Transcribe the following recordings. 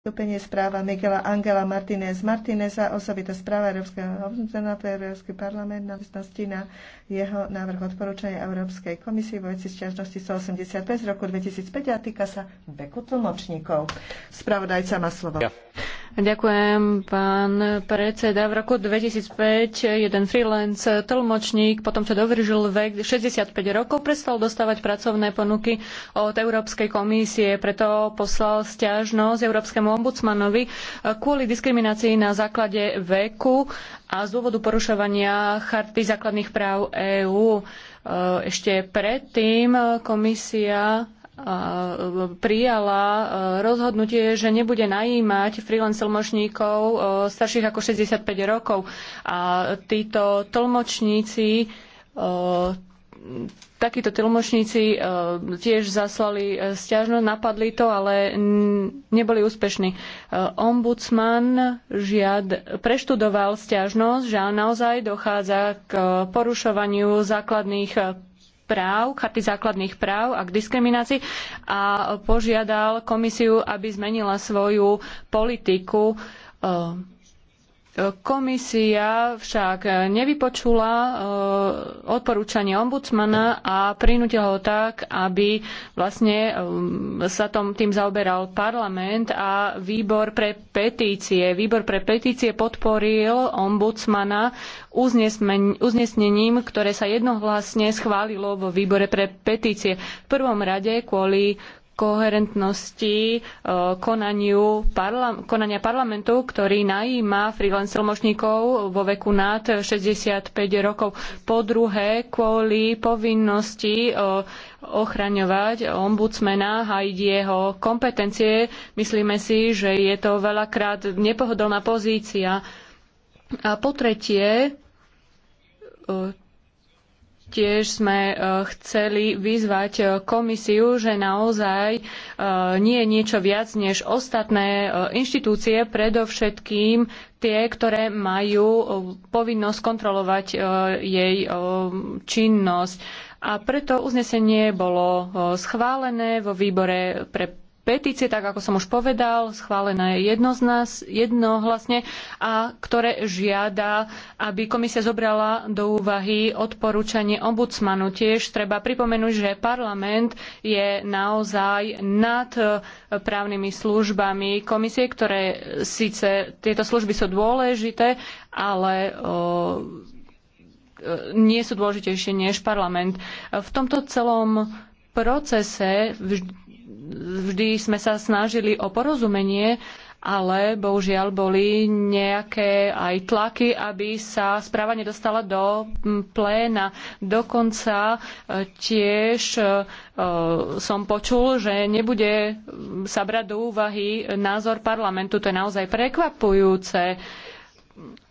Vstúpenie správa Miguela Angela Martinez Martineza, osobitá správa Európskeho obzudzená pre Európsky parlament na vstnosti na jeho návrh odporúčania Európskej komisie vo veci sťažnosti 185 z roku 2005 a týka sa veku tlmočníkov. Spravodajca má slovo. Ja. Ďakujem, pán predseda. V roku 2005 jeden freelance tlmočník, potom čo dovržil vek 65 rokov, prestal dostávať pracovné ponuky od Európskej komisie. Preto poslal stiažnosť Európskemu ombudsmanovi kvôli diskriminácii na základe veku a z dôvodu porušovania Charty základných práv EÚ. Ešte predtým komisia prijala rozhodnutie, že nebude najímať freelance tlmočníkov starších ako 65 rokov. A títo tlmočníci takíto tlmočníci tiež zaslali e, stiažnosť, napadli to, ale neboli úspešní. E, ombudsman žiad, preštudoval stiažnosť, že naozaj dochádza k e, porušovaniu základných práv, charty základných práv a k diskriminácii a požiadal komisiu, aby zmenila svoju politiku eh, Komisia však nevypočula e, odporúčanie ombudsmana a prinútila ho tak, aby vlastne e, sa tom, tým zaoberal parlament a výbor pre petície. Výbor pre petície podporil ombudsmana uznesnením, ktoré sa jednohlasne schválilo vo výbore pre petície. V prvom rade kvôli koherentnosti e, konaniu parla- konania parlamentu, ktorý najíma freelance tlmočníkov vo veku nad 65 rokov. Po druhé, kvôli povinnosti e, ochraňovať ombudsmana, hájiť jeho kompetencie. Myslíme si, že je to veľakrát nepohodlná pozícia. A po tretie, e, Tiež sme e, chceli vyzvať e, komisiu, že naozaj e, nie je niečo viac než ostatné inštitúcie, predovšetkým tie, ktoré majú povinnosť kontrolovať jej činnosť. A preto uznesenie bolo schválené vo výbore pre petície, tak ako som už povedal, schválená je jednohlasne a ktoré žiada, aby komisia zobrala do úvahy odporúčanie ombudsmanu. Tiež treba pripomenúť, že parlament je naozaj nad e, právnymi službami komisie, ktoré síce tieto služby sú dôležité, ale e, nie sú dôležitejšie než parlament. V tomto celom procese vždy sme sa snažili o porozumenie, ale bohužiaľ boli nejaké aj tlaky, aby sa správa nedostala do pléna. Dokonca e, tiež e, som počul, že nebude sa brať do úvahy názor parlamentu. To je naozaj prekvapujúce. E,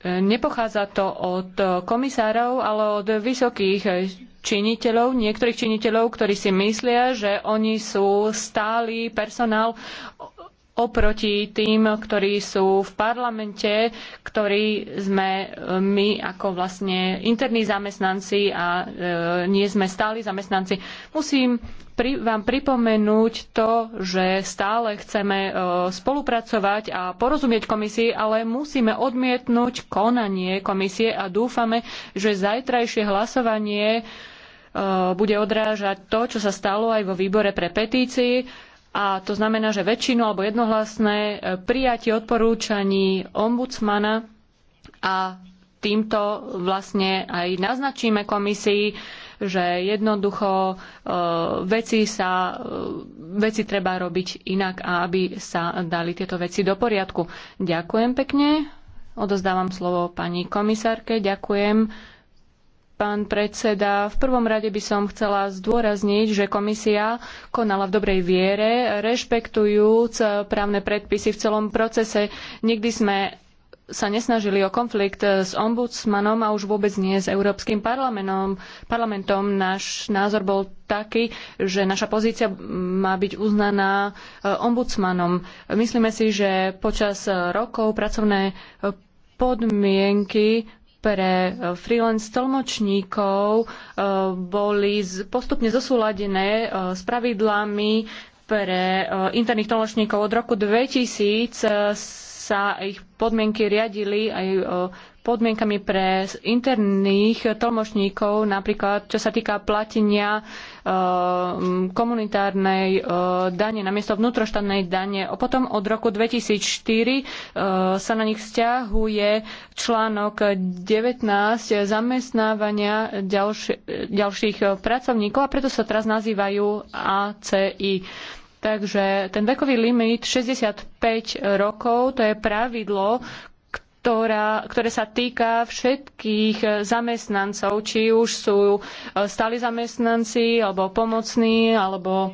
nepochádza to od komisárov, ale od vysokých činiteľov, niektorých činiteľov, ktorí si myslia, že oni sú stály personál oproti tým, ktorí sú v parlamente, ktorí sme e, my ako vlastne interní zamestnanci a e, nie sme stáli zamestnanci. Musím pri, vám pripomenúť to, že stále chceme e, spolupracovať a porozumieť komisii, ale musíme odmietnúť konanie komisie a dúfame, že zajtrajšie hlasovanie Eh, bude odrážať to, čo sa stalo aj vo výbore pre petícii. A to znamená, že väčšinu alebo jednohlasné eh, prijatie odporúčaní ombudsmana a týmto vlastne aj naznačíme komisii, že jednoducho e, veci, sa, e, veci treba robiť inak a aby sa dali tieto veci do poriadku. Ďakujem pekne. Odozdávam slovo pani komisárke. Ďakujem pán predseda. V prvom rade by som chcela zdôrazniť, že komisia konala v dobrej viere, rešpektujúc právne predpisy v celom procese. Nikdy sme sa nesnažili o konflikt s ombudsmanom a už vôbec nie s Európskym parlamentom. parlamentom. Náš názor bol taký, že naša pozícia má byť uznaná eh, ombudsmanom. Myslíme si, že počas rokov pracovné podmienky pre eh, freelance tlmočníkov eh, boli postupne zosúladené eh, s pravidlami pre interných tlmočníkov. Od roku 2000 sa ich podmienky riadili aj podmienkami pre interných tlmočníkov, napríklad čo sa týka platenia e, komunitárnej e, dane namiesto vnútroštátnej dane. A Potom od roku 2004 e, sa na nich vzťahuje článok 19 zamestnávania ďalši, ďalších pracovníkov a preto sa teraz nazývajú ACI. Takže ten vekový limit 65 rokov, to je pravidlo, ktorá, ktoré sa týka všetkých zamestnancov, či už sú e, stáli zamestnanci, alebo pomocní, alebo e,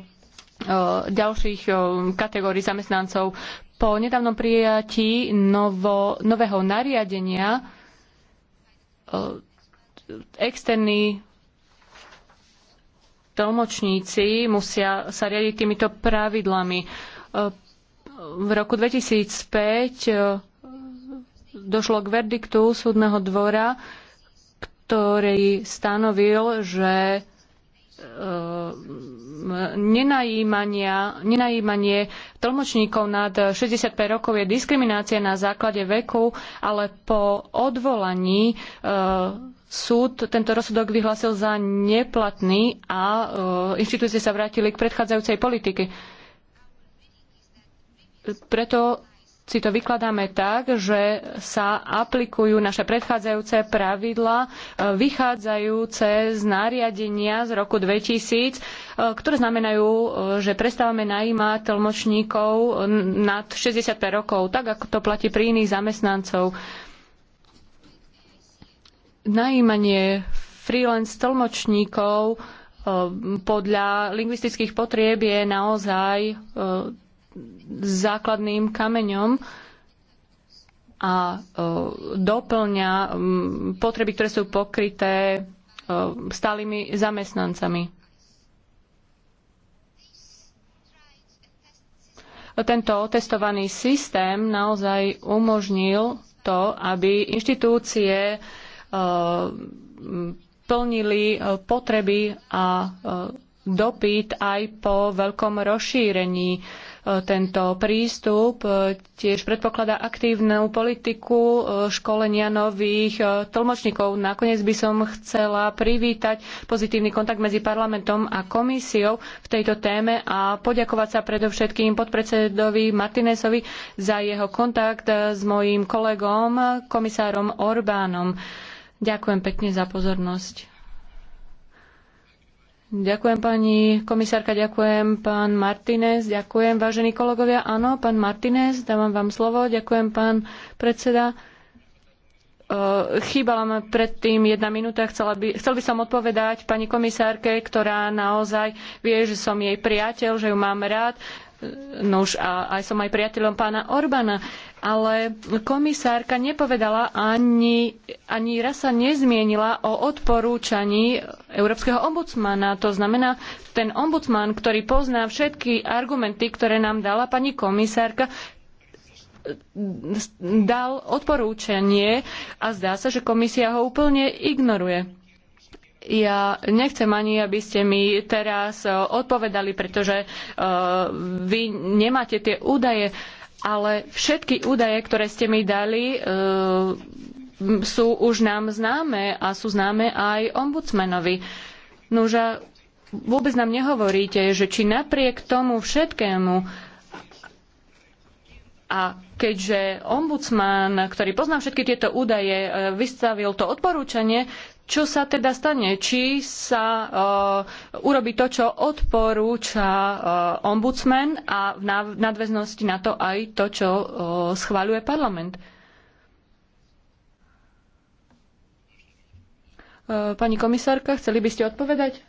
ďalších e, kategórií zamestnancov. Po nedávnom prijatí novo, nového nariadenia externí tlmočníci musia sa riadiť týmito pravidlami. V roku 2005 došlo k verdiktu súdneho dvora, ktorý stanovil, že e, nenajímania, nenajímanie tlmočníkov nad 65 rokov je diskriminácia na základe veku, ale po odvolaní e, súd tento rozsudok vyhlásil za neplatný a e, inštitúcie sa vrátili k predchádzajúcej politike. Preto si to vykladáme tak, že sa aplikujú naše predchádzajúce pravidla, e, vychádzajúce z nariadenia z roku 2000, e, ktoré znamenajú, e, že prestávame najímať tlmočníkov nad 65 rokov, tak ako to platí pri iných zamestnancov. Najímanie freelance tlmočníkov podľa lingvistických potrieb je naozaj základným kameňom a e, doplňa potreby, ktoré sú pokryté e, stálymi zamestnancami. Tento otestovaný systém naozaj umožnil to, aby inštitúcie e, plnili potreby a dopyt aj po veľkom rozšírení tento prístup e, tiež predpokladá aktívnu politiku e, školenia nových e, tlmočníkov. Nakoniec by som chcela privítať pozitívny kontakt medzi parlamentom a komisiou v tejto téme a poďakovať sa predovšetkým podpredsedovi Martinesovi za jeho kontakt s mojím kolegom, komisárom Orbánom. Ďakujem pekne za pozornosť. Ďakujem pani komisárka, ďakujem pán Martinez, ďakujem vážení kolegovia. Áno, pán Martinez, dávam vám slovo. Ďakujem pán predseda. E, chýbala ma predtým jedna minúta. Chcela by, chcel by som odpovedať pani komisárke, ktorá naozaj vie, že som jej priateľ, že ju mám rád. Nož a aj som aj priateľom pána Orbána, ale komisárka nepovedala ani, ani raz sa nezmienila o odporúčaní Európskeho ombudsmana. To znamená, ten ombudsman, ktorý pozná všetky argumenty, ktoré nám dala pani komisárka, dal odporúčanie a zdá sa, že komisia ho úplne ignoruje ja nechcem ani, aby ste mi teraz e, odpovedali, pretože e, vy nemáte tie údaje, ale všetky údaje, ktoré ste mi dali, e, sú už nám známe a sú známe aj ombudsmanovi. Nuža, vôbec nám nehovoríte, že či napriek tomu všetkému a keďže ombudsman, ktorý pozná všetky tieto údaje, vystavil to odporúčanie, čo sa teda stane? Či sa uh, e, urobí to, čo odporúča uh, ombudsman a v nadväznosti na to aj to, čo uh, schváľuje parlament? Uh, pani komisárka, chceli by ste odpovedať?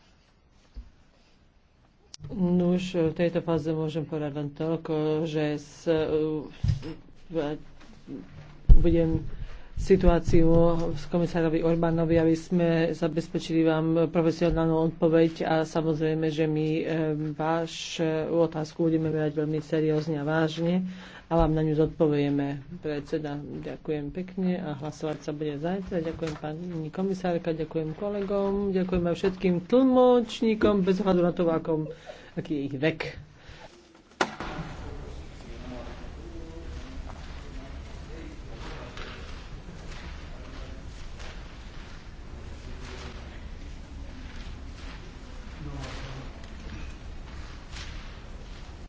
No už v tejto fáze môžem povedať len toľko, že s, uh, budem situáciu komisárovi Orbánovi, aby sme zabezpečili vám profesionálnu odpoveď a samozrejme, že my e, váš otázku budeme brať veľmi seriózne a vážne a vám na ňu zodpovieme. Predseda, ďakujem pekne a hlasovať sa bude zajtra. Ďakujem pani komisárka, ďakujem kolegom, ďakujem aj všetkým tlmočníkom bez hľadu na to, akom aký je ich vek.